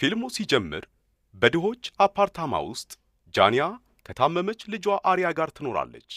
ፊልሙ ሲጀምር በድሆች አፓርታማ ውስጥ ጃንያ ከታመመች ልጇ አሪያ ጋር ትኖራለች።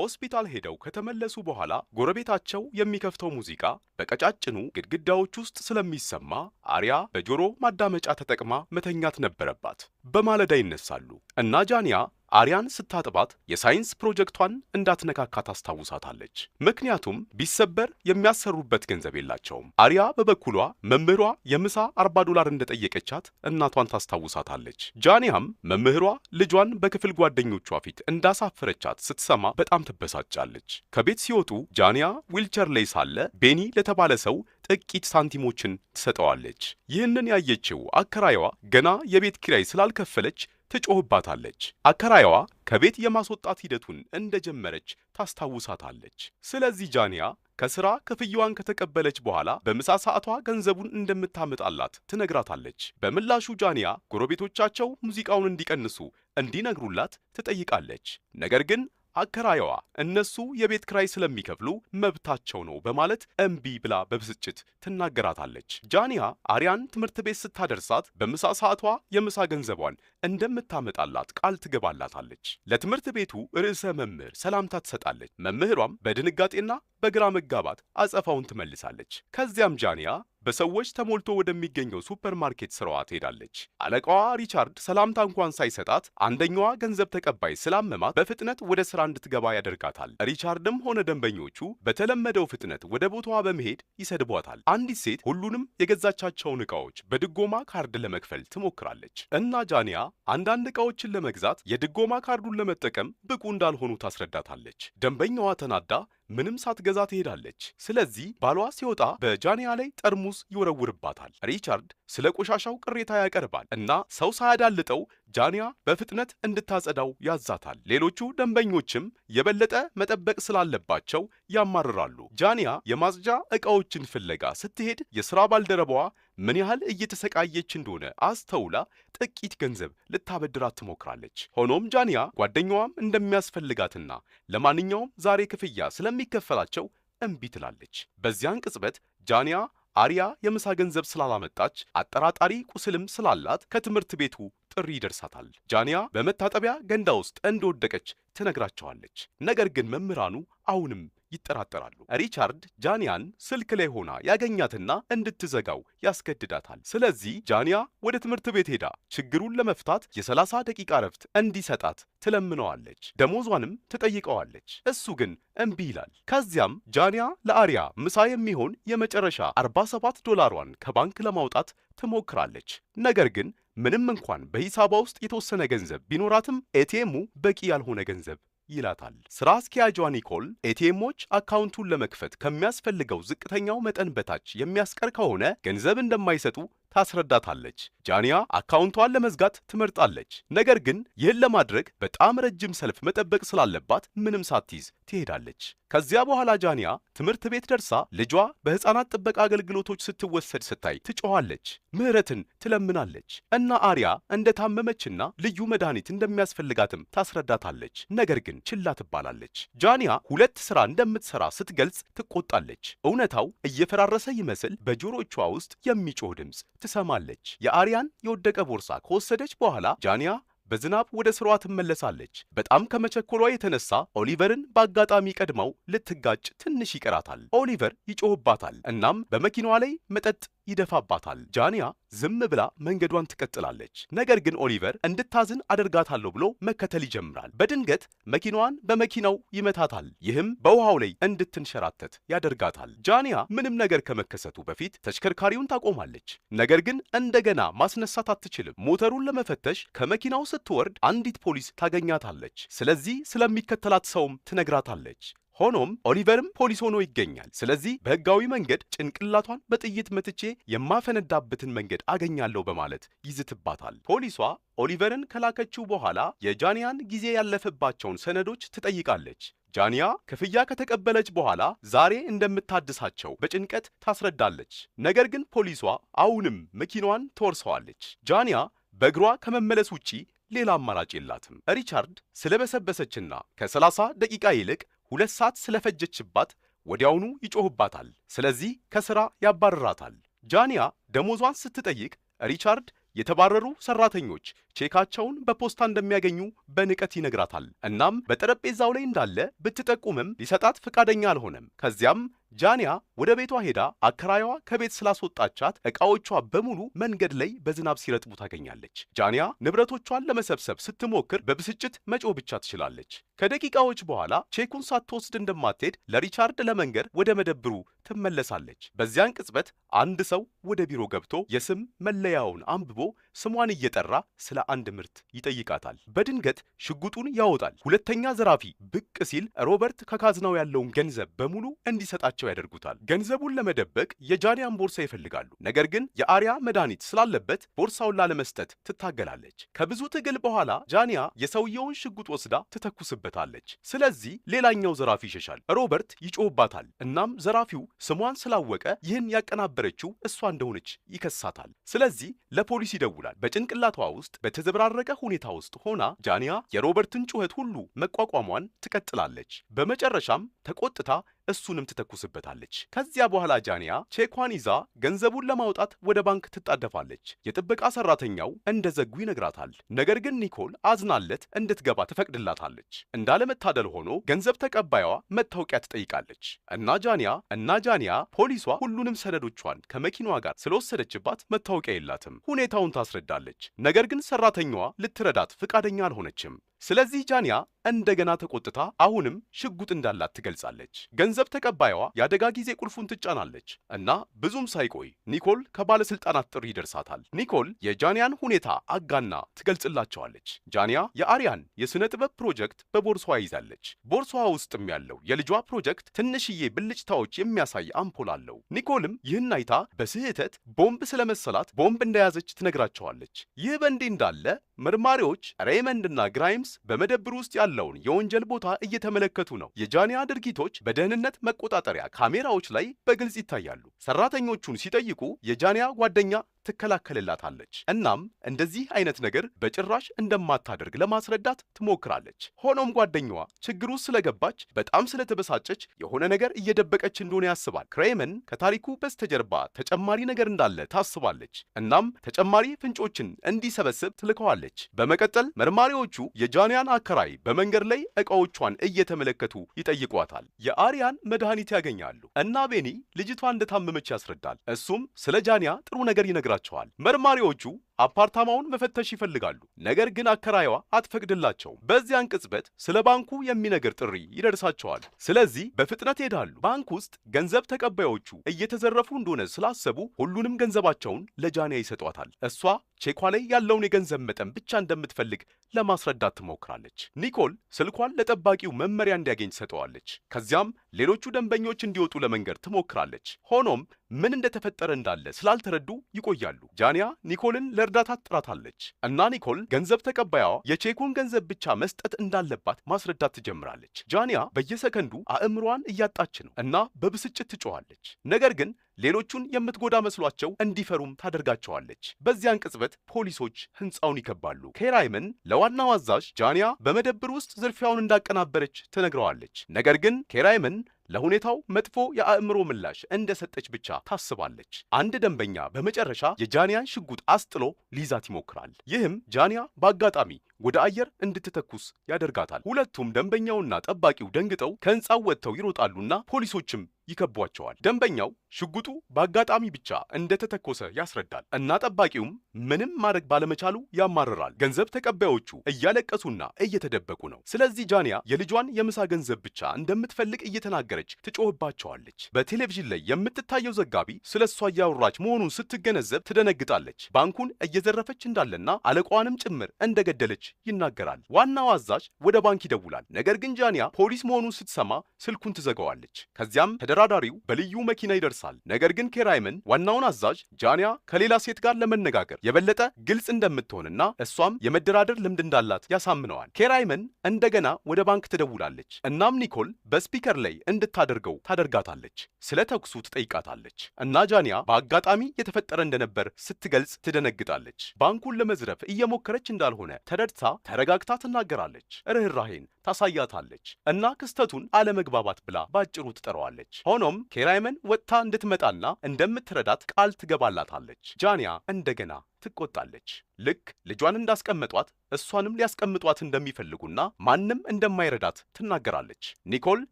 ሆስፒታል ሄደው ከተመለሱ በኋላ ጎረቤታቸው የሚከፍተው ሙዚቃ በቀጫጭኑ ግድግዳዎች ውስጥ ስለሚሰማ አሪያ በጆሮ ማዳመጫ ተጠቅማ መተኛት ነበረባት። በማለዳ ይነሳሉ እና ጃንያ አሪያን ስታጥባት የሳይንስ ፕሮጀክቷን እንዳትነካካ ታስታውሳታለች። ምክንያቱም ቢሰበር የሚያሰሩበት ገንዘብ የላቸውም። አሪያ በበኩሏ መምህሯ የምሳ 40 ዶላር እንደጠየቀቻት እናቷን ታስታውሳታለች። ጃኒያም መምህሯ ልጇን በክፍል ጓደኞቿ ፊት እንዳሳፈረቻት ስትሰማ በጣም ትበሳጫለች። ከቤት ሲወጡ ጃኒያ ዊልቸር ላይ ሳለ ቤኒ ለተባለ ሰው ጥቂት ሳንቲሞችን ትሰጠዋለች። ይህንን ያየችው አከራይዋ ገና የቤት ኪራይ ስላልከፈለች ትጮህባታለች። አከራይዋ ከቤት የማስወጣት ሂደቱን እንደጀመረች ታስታውሳታለች። ስለዚህ ጃንያ ከስራ ክፍያዋን ከተቀበለች በኋላ በምሳ ሰዓቷ ገንዘቡን እንደምታመጣላት ትነግራታለች። በምላሹ ጃንያ ጎረቤቶቻቸው ሙዚቃውን እንዲቀንሱ እንዲነግሩላት ትጠይቃለች። ነገር ግን አከራይዋ እነሱ የቤት ክራይ ስለሚከፍሉ መብታቸው ነው በማለት እምቢ ብላ በብስጭት ትናገራታለች። ጃኒያ አሪያን ትምህርት ቤት ስታደርሳት በምሳ ሰዓቷ የምሳ ገንዘቧን እንደምታመጣላት ቃል ትገባላታለች። ለትምህርት ቤቱ ርዕሰ መምህር ሰላምታ ትሰጣለች። መምህሯም በድንጋጤና በግራ መጋባት አጸፋውን ትመልሳለች። ከዚያም ጃንያ በሰዎች ተሞልቶ ወደሚገኘው ሱፐር ማርኬት ስራዋ ትሄዳለች። አለቃዋ ሪቻርድ ሰላምታ እንኳን ሳይሰጣት አንደኛዋ ገንዘብ ተቀባይ ስላመማት በፍጥነት ወደ ስራ እንድትገባ ያደርጋታል። ሪቻርድም ሆነ ደንበኞቹ በተለመደው ፍጥነት ወደ ቦታዋ በመሄድ ይሰድቧታል። አንዲት ሴት ሁሉንም የገዛቻቸውን እቃዎች በድጎማ ካርድ ለመክፈል ትሞክራለች እና ጃንያ አንዳንድ እቃዎችን ለመግዛት የድጎማ ካርዱን ለመጠቀም ብቁ እንዳልሆኑ ታስረዳታለች። ደንበኛዋ ተናዳ ምንም ሳትገዛ ትሄዳለች። ስለዚህ ባሏ ሲወጣ በጃንያ ላይ ጠርሙስ ይወረውርባታል። ሪቻርድ ስለ ቆሻሻው ቅሬታ ያቀርባል እና ሰው ሳያዳልጠው ጃንያ በፍጥነት እንድታጸዳው ያዛታል። ሌሎቹ ደንበኞችም የበለጠ መጠበቅ ስላለባቸው ያማርራሉ። ጃንያ የማጽጃ ዕቃዎችን ፍለጋ ስትሄድ የሥራ ባልደረባዋ ምን ያህል እየተሰቃየች እንደሆነ አስተውላ ጥቂት ገንዘብ ልታበድራት ትሞክራለች። ሆኖም ጃንያ ጓደኛዋም እንደሚያስፈልጋትና ለማንኛውም ዛሬ ክፍያ ስለሚከፈላቸው እምቢ ትላለች። በዚያን ቅጽበት ጃንያ አሪያ የምሳ ገንዘብ ስላላመጣች አጠራጣሪ ቁስልም ስላላት ከትምህርት ቤቱ ጥሪ ይደርሳታል። ጃንያ በመታጠቢያ ገንዳ ውስጥ እንደወደቀች ትነግራቸዋለች። ነገር ግን መምህራኑ አሁንም ይጠራጠራሉ። ሪቻርድ ጃንያን ስልክ ላይ ሆና ያገኛትና እንድትዘጋው ያስገድዳታል። ስለዚህ ጃንያ ወደ ትምህርት ቤት ሄዳ ችግሩን ለመፍታት የ30 ደቂቃ ረፍት እንዲሰጣት ትለምነዋለች። ደሞዟንም ትጠይቀዋለች። እሱ ግን እምቢ ይላል። ከዚያም ጃንያ ለአሪያ ምሳ የሚሆን የመጨረሻ 47 ዶላሯን ከባንክ ለማውጣት ትሞክራለች። ነገር ግን ምንም እንኳን በሂሳቧ ውስጥ የተወሰነ ገንዘብ ቢኖራትም ኤቲኤሙ በቂ ያልሆነ ገንዘብ ይላታል። ስራ አስኪያጇ ኒኮል ኤቲኤሞች አካውንቱን ለመክፈት ከሚያስፈልገው ዝቅተኛው መጠን በታች የሚያስቀር ከሆነ ገንዘብ እንደማይሰጡ ታስረዳታለች። ጃንያ አካውንቷን ለመዝጋት ትመርጣለች። ነገር ግን ይህን ለማድረግ በጣም ረጅም ሰልፍ መጠበቅ ስላለባት ምንም ሳትይዝ ትሄዳለች። ከዚያ በኋላ ጃንያ ትምህርት ቤት ደርሳ ልጇ በሕፃናት ጥበቃ አገልግሎቶች ስትወሰድ ስታይ ትጮኋለች፣ ምህረትን ትለምናለች እና አሪያ እንደታመመችና ልዩ መድኃኒት እንደሚያስፈልጋትም ታስረዳታለች። ነገር ግን ችላ ትባላለች። ጃንያ ሁለት ሥራ እንደምትሠራ ስትገልጽ ትቆጣለች። እውነታው እየፈራረሰ ይመስል በጆሮቿ ውስጥ የሚጮህ ድምፅ ትሰማለች። የአሪያን የወደቀ ቦርሳ ከወሰደች በኋላ ጃንያ በዝናብ ወደ ስሯ ትመለሳለች። በጣም ከመቸኮሏ የተነሳ ኦሊቨርን በአጋጣሚ ቀድመው ልትጋጭ ትንሽ ይቀራታል። ኦሊቨር ይጮህባታል። እናም በመኪናዋ ላይ መጠጥ ይደፋባታል። ጃንያ ዝም ብላ መንገዷን ትቀጥላለች። ነገር ግን ኦሊቨር እንድታዝን አደርጋታለሁ ብሎ መከተል ይጀምራል። በድንገት መኪናዋን በመኪናው ይመታታል። ይህም በውሃው ላይ እንድትንሸራተት ያደርጋታል። ጃንያ ምንም ነገር ከመከሰቱ በፊት ተሽከርካሪውን ታቆማለች። ነገር ግን እንደገና ማስነሳት አትችልም። ሞተሩን ለመፈተሽ ከመኪናው ስትወርድ አንዲት ፖሊስ ታገኛታለች። ስለዚህ ስለሚከተላት ሰውም ትነግራታለች። ሆኖም ኦሊቨርም ፖሊስ ሆኖ ይገኛል። ስለዚህ በህጋዊ መንገድ ጭንቅላቷን በጥይት መትቼ የማፈነዳበትን መንገድ አገኛለሁ በማለት ይዝትባታል። ፖሊሷ ኦሊቨርን ከላከችው በኋላ የጃንያን ጊዜ ያለፈባቸውን ሰነዶች ትጠይቃለች። ጃንያ ክፍያ ከተቀበለች በኋላ ዛሬ እንደምታድሳቸው በጭንቀት ታስረዳለች። ነገር ግን ፖሊሷ አሁንም መኪናዋን ትወርሰዋለች። ጃንያ በእግሯ ከመመለስ ውጪ ሌላ አማራጭ የላትም። ሪቻርድ ስለበሰበሰችና ከ30 ደቂቃ ይልቅ ሁለት ሰዓት ስለፈጀችባት ወዲያውኑ ይጮህባታል። ስለዚህ ከስራ ያባረራታል። ጃንያ ደሞዟን ስትጠይቅ ሪቻርድ የተባረሩ ሰራተኞች ቼካቸውን በፖስታ እንደሚያገኙ በንቀት ይነግራታል። እናም በጠረጴዛው ላይ እንዳለ ብትጠቁምም ሊሰጣት ፈቃደኛ አልሆነም። ከዚያም ጃንያ ወደ ቤቷ ሄዳ አከራይዋ ከቤት ስላስወጣቻት እቃዎቿ በሙሉ መንገድ ላይ በዝናብ ሲረጥቡ ታገኛለች። ጃንያ ንብረቶቿን ለመሰብሰብ ስትሞክር በብስጭት መጮህ ብቻ ትችላለች። ከደቂቃዎች በኋላ ቼኩን ሳትወስድ እንደማትሄድ ለሪቻርድ ለመንገድ ወደ መደብሩ ትመለሳለች። በዚያን ቅጽበት አንድ ሰው ወደ ቢሮ ገብቶ የስም መለያውን አንብቦ ስሟን እየጠራ ስለ አንድ ምርት ይጠይቃታል። በድንገት ሽጉጡን ያወጣል። ሁለተኛ ዘራፊ ብቅ ሲል ሮበርት ከካዝናው ያለውን ገንዘብ በሙሉ እንዲሰጣቸው እንዲኖራቸው ያደርጉታል። ገንዘቡን ለመደበቅ የጃሪያን ቦርሳ ይፈልጋሉ። ነገር ግን የአሪያ መድኃኒት ስላለበት ቦርሳውን ላለመስጠት ትታገላለች። ከብዙ ትግል በኋላ ጃንያ የሰውየውን ሽጉጥ ወስዳ ትተኩስበታለች። ስለዚህ ሌላኛው ዘራፊ ይሸሻል። ሮበርት ይጮህባታል። እናም ዘራፊው ስሟን ስላወቀ ይህን ያቀናበረችው እሷ እንደሆነች ይከሳታል። ስለዚህ ለፖሊስ ይደውላል። በጭንቅላቷ ውስጥ በተዘበራረቀ ሁኔታ ውስጥ ሆና ጃንያ የሮበርትን ጩኸት ሁሉ መቋቋሟን ትቀጥላለች። በመጨረሻም ተቆጥታ እሱንም ትተኩስበታለች። ከዚያ በኋላ ጃንያ ቼኳን ይዛ ገንዘቡን ለማውጣት ወደ ባንክ ትጣደፋለች። የጥበቃ ሰራተኛው እንደ ዘጉ ይነግራታል። ነገር ግን ኒኮል አዝናለት እንድትገባ ትፈቅድላታለች። እንዳለመታደል ሆኖ ገንዘብ ተቀባዩዋ መታወቂያ ትጠይቃለች እና ጃንያ እና ጃንያ ፖሊሷ ሁሉንም ሰነዶቿን ከመኪናዋ ጋር ስለወሰደችባት መታወቂያ የላትም። ሁኔታውን ታስረዳለች። ነገር ግን ሰራተኛዋ ልትረዳት ፍቃደኛ አልሆነችም። ስለዚህ ጃንያ እንደገና ተቆጥታ አሁንም ሽጉጥ እንዳላት ትገልጻለች። ገንዘብ ተቀባይዋ የአደጋ ጊዜ ቁልፉን ትጫናለች እና ብዙም ሳይቆይ ኒኮል ከባለስልጣናት ጥሪ ይደርሳታል። ኒኮል የጃንያን ሁኔታ አጋና ትገልጽላቸዋለች። ጃንያ የአሪያን የሥነ ጥበብ ፕሮጀክት በቦርሷ ይዛለች። ቦርሷ ውስጥም ያለው የልጇ ፕሮጀክት ትንሽዬ ብልጭታዎች የሚያሳይ አምፖል አለው። ኒኮልም ይህን አይታ በስህተት ቦምብ ስለመሰላት ቦምብ እንደያዘች ትነግራቸዋለች። ይህ በእንዲህ እንዳለ መርማሪዎች ሬይመንድና ግራይምስ በመደብር ውስጥ ያለውን የወንጀል ቦታ እየተመለከቱ ነው። የጃንያ ድርጊቶች በደህንነት የደህንነት መቆጣጠሪያ ካሜራዎች ላይ በግልጽ ይታያሉ። ሰራተኞቹን ሲጠይቁ የጃንያ ጓደኛ ትከላከልላታለች። እናም እንደዚህ አይነት ነገር በጭራሽ እንደማታደርግ ለማስረዳት ትሞክራለች። ሆኖም ጓደኛዋ ችግሩ ስለገባች በጣም ስለተበሳጨች የሆነ ነገር እየደበቀች እንደሆነ ያስባል። ክሬመን ከታሪኩ በስተጀርባ ተጨማሪ ነገር እንዳለ ታስባለች። እናም ተጨማሪ ፍንጮችን እንዲሰበስብ ትልከዋለች። በመቀጠል መርማሪዎቹ የጃንያን አከራይ በመንገድ ላይ እቃዎቿን እየተመለከቱ ይጠይቋታል። የአሪያን መድኃኒት ያገኛሉ እና ቤኒ ልጅቷ እንደታመመች ያስረዳል። እሱም ስለ ጃንያ ጥሩ ነገር ይነግራል ያስፈልጋቸዋል። መርማሪዎቹ አፓርታማውን መፈተሽ ይፈልጋሉ። ነገር ግን አከራይዋ አትፈቅድላቸውም። በዚያን ቅጽበት ስለ ባንኩ የሚነግር ጥሪ ይደርሳቸዋል። ስለዚህ በፍጥነት ይሄዳሉ። ባንክ ውስጥ ገንዘብ ተቀባዮቹ እየተዘረፉ እንደሆነ ስላሰቡ ሁሉንም ገንዘባቸውን ለጃንያ ይሰጧታል። እሷ ቼኳ ላይ ያለውን የገንዘብ መጠን ብቻ እንደምትፈልግ ለማስረዳት ትሞክራለች። ኒኮል ስልኳን ለጠባቂው መመሪያ እንዲያገኝ ትሰጠዋለች። ከዚያም ሌሎቹ ደንበኞች እንዲወጡ ለመንገር ትሞክራለች። ሆኖም ምን እንደተፈጠረ እንዳለ ስላልተረዱ ይቆያሉ። ጃንያ ኒኮልን ለ ለመርዳታት ጥራታለች እና ኒኮል ገንዘብ ተቀባያዋ የቼኩን ገንዘብ ብቻ መስጠት እንዳለባት ማስረዳት ትጀምራለች። ጃንያ በየሰከንዱ አእምሯን እያጣች ነው እና በብስጭት ትጮኋለች። ነገር ግን ሌሎቹን የምትጎዳ መስሏቸው እንዲፈሩም ታደርጋቸዋለች። በዚያን ቅጽበት ፖሊሶች ህንፃውን ይከባሉ። ኬራይምን ለዋናው አዛዥ ጃንያ በመደብር ውስጥ ዝርፊያውን እንዳቀናበረች ትነግረዋለች። ነገር ግን ኬራይምን ለሁኔታው መጥፎ የአእምሮ ምላሽ እንደሰጠች ብቻ ታስባለች። አንድ ደንበኛ በመጨረሻ የጃንያን ሽጉጥ አስጥሎ ሊይዛት ይሞክራል። ይህም ጃንያ በአጋጣሚ ወደ አየር እንድትተኩስ ያደርጋታል። ሁለቱም ደንበኛውና ጠባቂው ደንግጠው ከህንፃው ወጥተው ይሮጣሉና ፖሊሶችም ይከቧቸዋል። ደንበኛው ሽጉጡ በአጋጣሚ ብቻ እንደተተኮሰ ያስረዳል እና ጠባቂውም ምንም ማድረግ ባለመቻሉ ያማርራል። ገንዘብ ተቀባዮቹ እያለቀሱና እየተደበቁ ነው። ስለዚህ ጃንያ የልጇን የምሳ ገንዘብ ብቻ እንደምትፈልግ እየተናገረች ትጮህባቸዋለች። በቴሌቪዥን ላይ የምትታየው ዘጋቢ ስለ እሷ እያወራች መሆኑን ስትገነዘብ ትደነግጣለች። ባንኩን እየዘረፈች እንዳለና አለቃዋንም ጭምር እንደገደለች ይናገራል። ዋናው አዛዥ ወደ ባንክ ይደውላል። ነገር ግን ጃንያ ፖሊስ መሆኑን ስትሰማ ስልኩን ትዘጋዋለች። ከዚያም ተደራዳሪው በልዩ መኪና ይደርሳል። ነገር ግን ኬራይምን ዋናውን አዛዥ ጃንያ ከሌላ ሴት ጋር ለመነጋገር የበለጠ ግልጽ እንደምትሆንና እሷም የመደራደር ልምድ እንዳላት ያሳምነዋል። ኬራይምን እንደገና ወደ ባንክ ትደውላለች። እናም ኒኮል በስፒከር ላይ እንድታደርገው ታደርጋታለች። ስለ ተኩሱ ትጠይቃታለች እና ጃንያ በአጋጣሚ የተፈጠረ እንደነበር ስትገልጽ ትደነግጣለች። ባንኩን ለመዝረፍ እየሞከረች እንዳልሆነ ተረድ በቀጥታ ተረጋግታ ትናገራለች፣ ርኅራሄን ታሳያታለች እና ክስተቱን አለመግባባት ብላ ባጭሩ ትጠራዋለች። ሆኖም ኬራይመን ወጥታ እንድትመጣና እንደምትረዳት ቃል ትገባላታለች። ጃንያ እንደገና ትቆጣለች። ልክ ልጇን እንዳስቀመጧት እሷንም ሊያስቀምጧት እንደሚፈልጉና ማንም እንደማይረዳት ትናገራለች። ኒኮል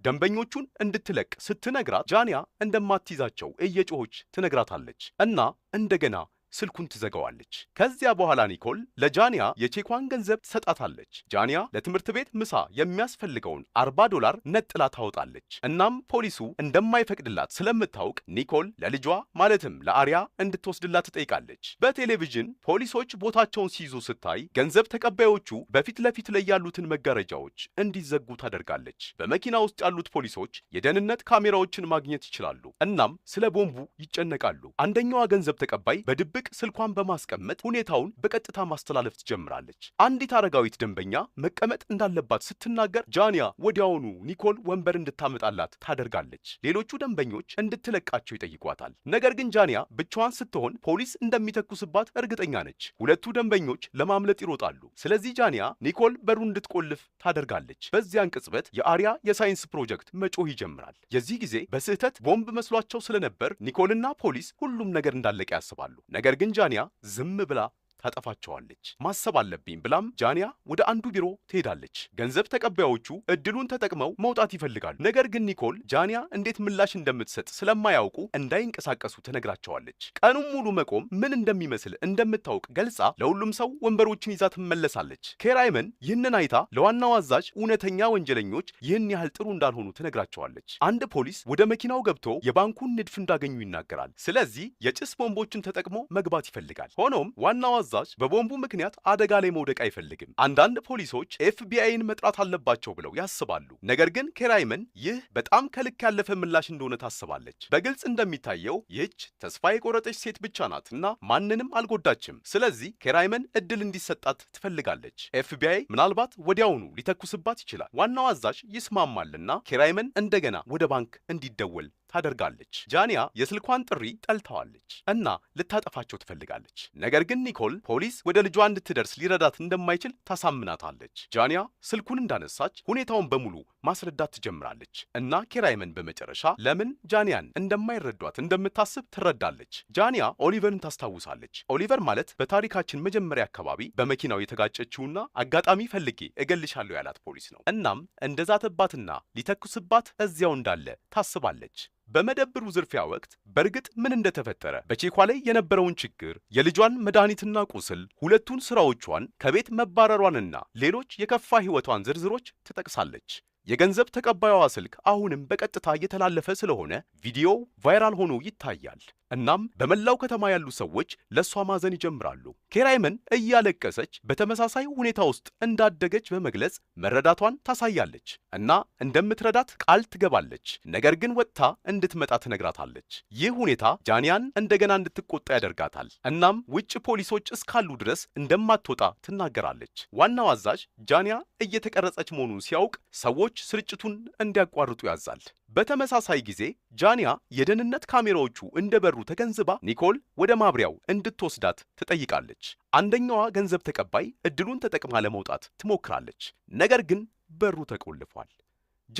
ደንበኞቹን እንድትለቅ ስትነግራት ጃንያ እንደማትይዛቸው እየጮኸች ትነግራታለች እና እንደገና ስልኩን ትዘጋዋለች። ከዚያ በኋላ ኒኮል ለጃንያ የቼኳን ገንዘብ ትሰጣታለች። ጃንያ ለትምህርት ቤት ምሳ የሚያስፈልገውን 40 ዶላር ነጥላ ታወጣለች። እናም ፖሊሱ እንደማይፈቅድላት ስለምታውቅ ኒኮል ለልጇ ማለትም ለአሪያ እንድትወስድላት ትጠይቃለች። በቴሌቪዥን ፖሊሶች ቦታቸውን ሲይዙ ስታይ ገንዘብ ተቀባዮቹ በፊት ለፊት ላይ ያሉትን መጋረጃዎች እንዲዘጉ ታደርጋለች። በመኪና ውስጥ ያሉት ፖሊሶች የደህንነት ካሜራዎችን ማግኘት ይችላሉ። እናም ስለ ቦምቡ ይጨነቃሉ። አንደኛዋ ገንዘብ ተቀባይ በድብቅ ይልቅ ስልኳን በማስቀመጥ ሁኔታውን በቀጥታ ማስተላለፍ ትጀምራለች። አንዲት አረጋዊት ደንበኛ መቀመጥ እንዳለባት ስትናገር ጃንያ ወዲያውኑ ኒኮል ወንበር እንድታመጣላት ታደርጋለች። ሌሎቹ ደንበኞች እንድትለቃቸው ይጠይቋታል። ነገር ግን ጃንያ ብቻዋን ስትሆን ፖሊስ እንደሚተኩስባት እርግጠኛ ነች። ሁለቱ ደንበኞች ለማምለጥ ይሮጣሉ። ስለዚህ ጃንያ ኒኮል በሩ እንድትቆልፍ ታደርጋለች። በዚያን ቅጽበት የአሪያ የሳይንስ ፕሮጀክት መጮህ ይጀምራል። የዚህ ጊዜ በስህተት ቦምብ መስሏቸው ስለነበር ኒኮልና ፖሊስ ሁሉም ነገር እንዳለቀ ያስባሉ። ነገር ነገር ግን ጃንያ ዝም ብላ ታጠፋቸዋለች። ማሰብ አለብኝ ብላም ጃንያ ወደ አንዱ ቢሮ ትሄዳለች። ገንዘብ ተቀባዮቹ እድሉን ተጠቅመው መውጣት ይፈልጋሉ። ነገር ግን ኒኮል ጃንያ እንዴት ምላሽ እንደምትሰጥ ስለማያውቁ እንዳይንቀሳቀሱ ትነግራቸዋለች። ቀኑን ሙሉ መቆም ምን እንደሚመስል እንደምታውቅ ገልጻ ለሁሉም ሰው ወንበሮችን ይዛ ትመለሳለች። ኬራይመን ይህንን አይታ ለዋናው አዛዥ እውነተኛ ወንጀለኞች ይህን ያህል ጥሩ እንዳልሆኑ ትነግራቸዋለች። አንድ ፖሊስ ወደ መኪናው ገብቶ የባንኩን ንድፍ እንዳገኙ ይናገራል። ስለዚህ የጭስ ቦምቦችን ተጠቅሞ መግባት ይፈልጋል። ሆኖም ዋናው አዛዥ አዛዥ በቦምቡ ምክንያት አደጋ ላይ መውደቅ አይፈልግም። አንዳንድ ፖሊሶች ኤፍቢአይን መጥራት አለባቸው ብለው ያስባሉ። ነገር ግን ኬራይመን ይህ በጣም ከልክ ያለፈ ምላሽ እንደሆነ ታስባለች። በግልጽ እንደሚታየው ይህች ተስፋ የቆረጠች ሴት ብቻ ናት እና ማንንም አልጎዳችም። ስለዚህ ኬራይመን እድል እንዲሰጣት ትፈልጋለች። ኤፍቢአይ ምናልባት ወዲያውኑ ሊተኩስባት ይችላል። ዋናው አዛዥ ይስማማልና ኬራይመን እንደገና ወደ ባንክ እንዲደወል ታደርጋለች። ጃንያ የስልኳን ጥሪ ጠልተዋለች እና ልታጠፋቸው ትፈልጋለች። ነገር ግን ኒኮል ፖሊስ ወደ ልጇ እንድትደርስ ሊረዳት እንደማይችል ታሳምናታለች። ጃንያ ስልኩን እንዳነሳች ሁኔታውን በሙሉ ማስረዳት ትጀምራለች እና ኬራይመን በመጨረሻ ለምን ጃንያን እንደማይረዷት እንደምታስብ ትረዳለች። ጃንያ ኦሊቨርን ታስታውሳለች። ኦሊቨር ማለት በታሪካችን መጀመሪያ አካባቢ በመኪናው የተጋጨችውና አጋጣሚ ፈልጌ እገልሻለሁ ያላት ፖሊስ ነው። እናም እንደዛተባትና ሊተኩስባት እዚያው እንዳለ ታስባለች። በመደብሩ ዝርፊያ ወቅት በእርግጥ ምን እንደተፈጠረ፣ በቼኳ ላይ የነበረውን ችግር፣ የልጇን መድኃኒትና ቁስል፣ ሁለቱን ስራዎቿን፣ ከቤት መባረሯንና ሌሎች የከፋ ህይወቷን ዝርዝሮች ትጠቅሳለች። የገንዘብ ተቀባዩዋ ስልክ አሁንም በቀጥታ እየተላለፈ ስለሆነ ቪዲዮው ቫይራል ሆኖ ይታያል። እናም በመላው ከተማ ያሉ ሰዎች ለእሷ ማዘን ይጀምራሉ። ኬራይመን እያለቀሰች በተመሳሳይ ሁኔታ ውስጥ እንዳደገች በመግለጽ መረዳቷን ታሳያለች እና እንደምትረዳት ቃል ትገባለች። ነገር ግን ወጥታ እንድትመጣ ትነግራታለች። ይህ ሁኔታ ጃንያን እንደገና እንድትቆጣ ያደርጋታል። እናም ውጭ ፖሊሶች እስካሉ ድረስ እንደማትወጣ ትናገራለች። ዋናው አዛዥ ጃንያ እየተቀረጸች መሆኑን ሲያውቅ ሰዎች ስርጭቱን እንዲያቋርጡ ያዛል። በተመሳሳይ ጊዜ ጃንያ የደህንነት ካሜራዎቹ እንደበሩ ተገንዝባ ኒኮል ወደ ማብሪያው እንድትወስዳት ትጠይቃለች። አንደኛዋ ገንዘብ ተቀባይ እድሉን ተጠቅማ ለመውጣት ትሞክራለች፣ ነገር ግን በሩ ተቆልፏል።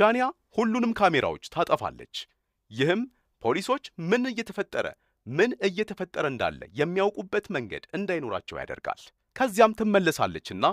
ጃንያ ሁሉንም ካሜራዎች ታጠፋለች። ይህም ፖሊሶች ምን እየተፈጠረ ምን እየተፈጠረ እንዳለ የሚያውቁበት መንገድ እንዳይኖራቸው ያደርጋል። ከዚያም ትመለሳለችና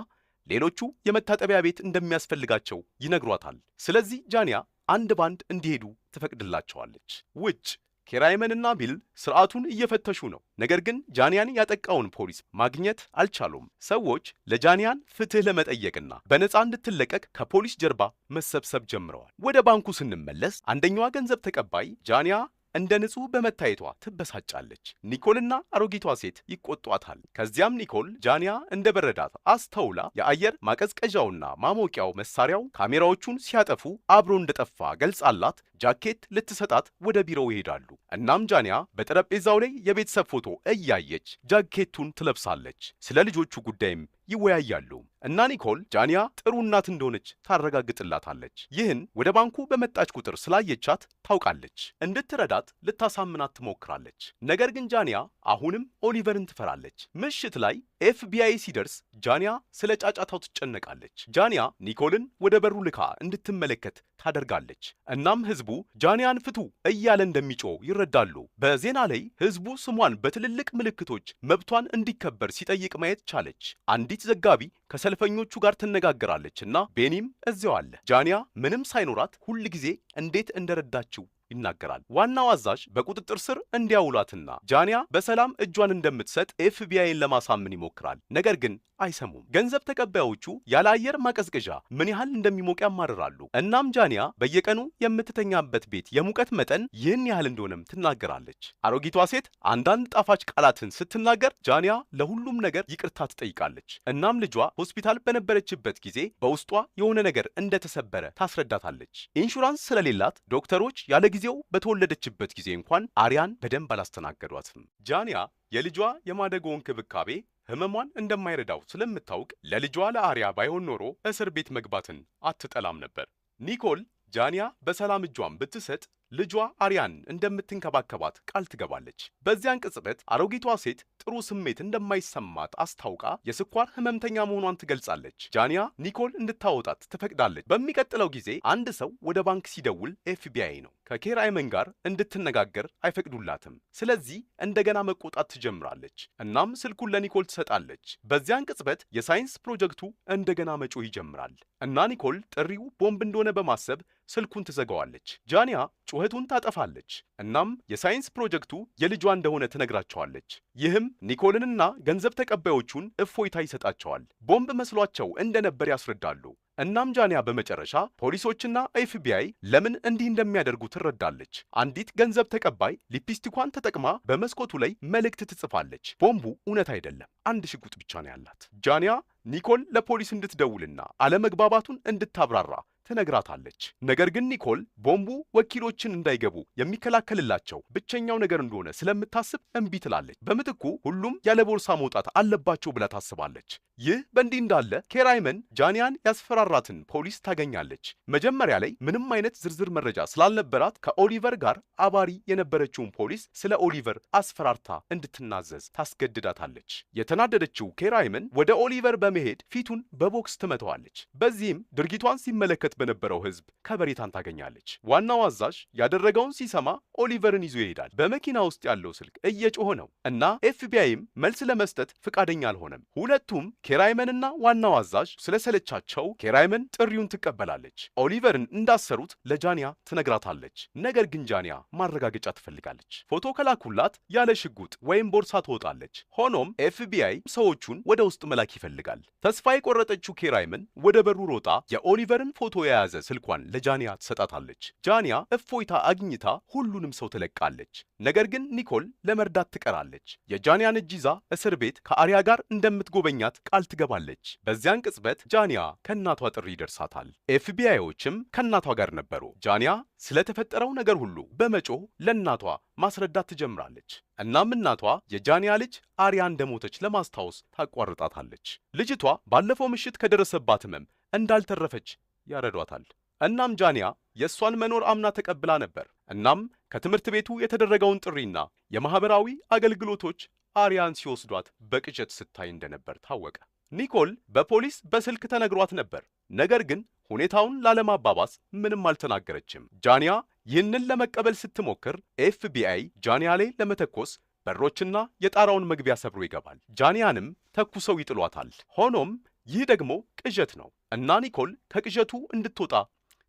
ሌሎቹ የመታጠቢያ ቤት እንደሚያስፈልጋቸው ይነግሯታል። ስለዚህ ጃንያ አንድ ባንድ እንዲሄዱ ትፈቅድላቸዋለች። ውጭ ኬራይመንና ቢል ስርዓቱን እየፈተሹ ነው። ነገር ግን ጃንያን ያጠቃውን ፖሊስ ማግኘት አልቻሉም። ሰዎች ለጃንያን ፍትህ ለመጠየቅና በነፃ እንድትለቀቅ ከፖሊስ ጀርባ መሰብሰብ ጀምረዋል። ወደ ባንኩ ስንመለስ አንደኛዋ ገንዘብ ተቀባይ ጃንያ እንደ ንጹህ በመታየቷ ትበሳጫለች። ኒኮልና አሮጊቷ ሴት ይቆጧታል። ከዚያም ኒኮል ጃንያ እንደበረዳት አስተውላ የአየር ማቀዝቀዣውና ማሞቂያው መሳሪያው ካሜራዎቹን ሲያጠፉ አብሮ እንደጠፋ ገልጻላት ጃኬት ልትሰጣት ወደ ቢሮው ይሄዳሉ። እናም ጃንያ በጠረጴዛው ላይ የቤተሰብ ፎቶ እያየች ጃኬቱን ትለብሳለች። ስለ ልጆቹ ጉዳይም ይወያያሉ እና ኒኮል ጃንያ ጥሩ እናት እንደሆነች ታረጋግጥላታለች። ይህን ወደ ባንኩ በመጣች ቁጥር ስላየቻት ታውቃለች። እንድትረዳት ልታሳምናት ትሞክራለች። ነገር ግን ጃንያ አሁንም ኦሊቨርን ትፈራለች። ምሽት ላይ ኤፍቢአይ ሲደርስ ጃንያ ስለ ጫጫታው ትጨነቃለች። ጃንያ ኒኮልን ወደ በሩ ልካ እንድትመለከት ታደርጋለች። እናም ህዝቡ ጃንያን ፍቱ እያለ እንደሚጮ ይረዳሉ። በዜና ላይ ህዝቡ ስሟን በትልልቅ ምልክቶች መብቷን እንዲከበር ሲጠይቅ ማየት ቻለች። አንዲት ዘጋቢ ከሰልፈኞቹ ጋር ትነጋገራለች እና ቤኒም እዚያው አለ። ጃንያ ምንም ሳይኖራት ሁል ጊዜ እንዴት እንደረዳችው ይናገራል። ዋናው አዛዥ በቁጥጥር ስር እንዲያውሏትና ጃንያ በሰላም እጇን እንደምትሰጥ ኤፍቢአይን ለማሳምን ይሞክራል። ነገር ግን አይሰሙም። ገንዘብ ተቀባዮቹ ያለ አየር ማቀዝቀዣ ምን ያህል እንደሚሞቅ ያማርራሉ። እናም ጃንያ በየቀኑ የምትተኛበት ቤት የሙቀት መጠን ይህን ያህል እንደሆነም ትናገራለች። አሮጊቷ ሴት አንዳንድ ጣፋጭ ቃላትን ስትናገር ጃንያ ለሁሉም ነገር ይቅርታ ትጠይቃለች። እናም ልጇ ሆስፒታል በነበረችበት ጊዜ በውስጧ የሆነ ነገር እንደተሰበረ ታስረዳታለች። ኢንሹራንስ ስለሌላት ዶክተሮች ያለ ጊዜ ጊዜው በተወለደችበት ጊዜ እንኳን አሪያን በደንብ አላስተናገዷትም። ጃንያ የልጇ የማደጎ እንክብካቤ ህመሟን እንደማይረዳው ስለምታውቅ ለልጇ ለአሪያ ባይሆን ኖሮ እስር ቤት መግባትን አትጠላም ነበር። ኒኮል ጃንያ በሰላም እጇን ብትሰጥ ልጇ አሪያን እንደምትንከባከባት ቃል ትገባለች። በዚያን ቅጽበት አሮጊቷ ሴት ጥሩ ስሜት እንደማይሰማት አስታውቃ የስኳር ህመምተኛ መሆኗን ትገልጻለች። ጃንያ ኒኮል እንድታወጣት ትፈቅዳለች። በሚቀጥለው ጊዜ አንድ ሰው ወደ ባንክ ሲደውል ኤፍቢአይ ነው። ከኬራይመን ጋር እንድትነጋገር አይፈቅዱላትም። ስለዚህ እንደገና መቆጣት ትጀምራለች። እናም ስልኩን ለኒኮል ትሰጣለች። በዚያን ቅጽበት የሳይንስ ፕሮጀክቱ እንደገና መጮህ ይጀምራል እና ኒኮል ጥሪው ቦምብ እንደሆነ በማሰብ ስልኩን ትዘጋዋለች። ጃንያ ጩኸቱን ታጠፋለች። እናም የሳይንስ ፕሮጀክቱ የልጇ እንደሆነ ትነግራቸዋለች። ይህም ኒኮልንና ገንዘብ ተቀባዮቹን እፎይታ ይሰጣቸዋል። ቦምብ መስሏቸው እንደነበር ያስረዳሉ። እናም ጃንያ በመጨረሻ ፖሊሶችና ኤፍቢአይ ለምን እንዲህ እንደሚያደርጉ ትረዳለች። አንዲት ገንዘብ ተቀባይ ሊፕስቲኳን ተጠቅማ በመስኮቱ ላይ መልእክት ትጽፋለች። ቦምቡ እውነት አይደለም፣ አንድ ሽጉጥ ብቻ ነው ያላት። ጃንያ ኒኮል ለፖሊስ እንድትደውልና አለመግባባቱን እንድታብራራ ትነግራታለች። ነገር ግን ኒኮል ቦምቡ ወኪሎችን እንዳይገቡ የሚከላከልላቸው ብቸኛው ነገር እንደሆነ ስለምታስብ እምቢ ትላለች። በምትኩ ሁሉም ያለ ቦርሳ መውጣት አለባቸው ብላ ታስባለች። ይህ በእንዲህ እንዳለ ኬራይመን ጃንያን ያስፈራራትን ፖሊስ ታገኛለች። መጀመሪያ ላይ ምንም አይነት ዝርዝር መረጃ ስላልነበራት ከኦሊቨር ጋር አባሪ የነበረችውን ፖሊስ ስለ ኦሊቨር አስፈራርታ እንድትናዘዝ ታስገድዳታለች። የተናደደችው ኬራይመን ወደ ኦሊቨር በመሄድ ፊቱን በቦክስ ትመተዋለች። በዚህም ድርጊቷን ሲመለከት ይመለከት በነበረው ህዝብ ከበሬታን ታገኛለች። ዋናው አዛዥ ያደረገውን ሲሰማ ኦሊቨርን ይዞ ይሄዳል። በመኪና ውስጥ ያለው ስልክ እየጮኸ ነው እና ኤፍቢአይም መልስ ለመስጠት ፍቃደኛ አልሆነም። ሁለቱም ኬራይመንና ዋናው አዛዥ ስለሰለቻቸው ኬራይመን ጥሪውን ትቀበላለች። ኦሊቨርን እንዳሰሩት ለጃንያ ትነግራታለች። ነገር ግን ጃንያ ማረጋገጫ ትፈልጋለች። ፎቶ ከላኩላት ያለ ሽጉጥ ወይም ቦርሳ ትወጣለች። ሆኖም ኤፍቢአይ ሰዎቹን ወደ ውስጥ መላክ ይፈልጋል። ተስፋ የቆረጠችው ኬራይመን ወደ በሩ ሮጣ የኦሊቨርን ፎቶ የያዘ ስልኳን ለጃንያ ትሰጣታለች። ጃንያ እፎይታ አግኝታ ሁሉንም ሰው ትለቃለች። ነገር ግን ኒኮል ለመርዳት ትቀራለች። የጃንያን እጅ ይዛ እስር ቤት ከአሪያ ጋር እንደምትጎበኛት ቃል ትገባለች። በዚያን ቅጽበት ጃንያ ከእናቷ ጥሪ ይደርሳታል። ኤፍቢአይዎችም ከእናቷ ጋር ነበሩ። ጃንያ ስለተፈጠረው ነገር ሁሉ በመጮህ ለእናቷ ማስረዳት ትጀምራለች። እናም እናቷ የጃንያ ልጅ አሪያ እንደሞተች ለማስታወስ ታቋርጣታለች። ልጅቷ ባለፈው ምሽት ከደረሰባት ህመም እንዳልተረፈች ያረዷታል። እናም ጃንያ የእሷን መኖር አምና ተቀብላ ነበር። እናም ከትምህርት ቤቱ የተደረገውን ጥሪና የማኅበራዊ አገልግሎቶች አሪያን ሲወስዷት በቅዠት ስታይ እንደነበር ታወቀ። ኒኮል በፖሊስ በስልክ ተነግሯት ነበር፣ ነገር ግን ሁኔታውን ላለማባባስ ምንም አልተናገረችም። ጃንያ ይህንን ለመቀበል ስትሞክር ኤፍቢአይ ጃንያ ላይ ለመተኮስ በሮችና የጣራውን መግቢያ ሰብሮ ይገባል። ጃንያንም ተኩሰው ይጥሏታል። ሆኖም ይህ ደግሞ ቅዠት ነው። እና ኒኮል ከቅዠቱ እንድትወጣ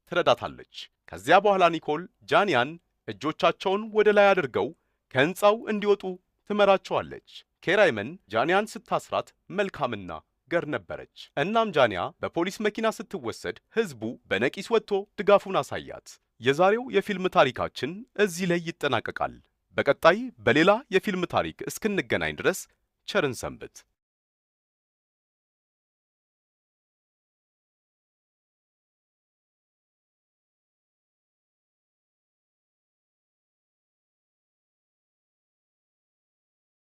ትረዳታለች። ከዚያ በኋላ ኒኮል ጃንያን እጆቻቸውን ወደ ላይ አድርገው ከህንፃው እንዲወጡ ትመራቸዋለች። ኬራይመን ጃንያን ስታስራት መልካምና ገር ነበረች። እናም ጃንያ በፖሊስ መኪና ስትወሰድ ህዝቡ በነቂስ ወጥቶ ድጋፉን አሳያት። የዛሬው የፊልም ታሪካችን እዚህ ላይ ይጠናቀቃል። በቀጣይ በሌላ የፊልም ታሪክ እስክንገናኝ ድረስ ቸርን ሰንብት።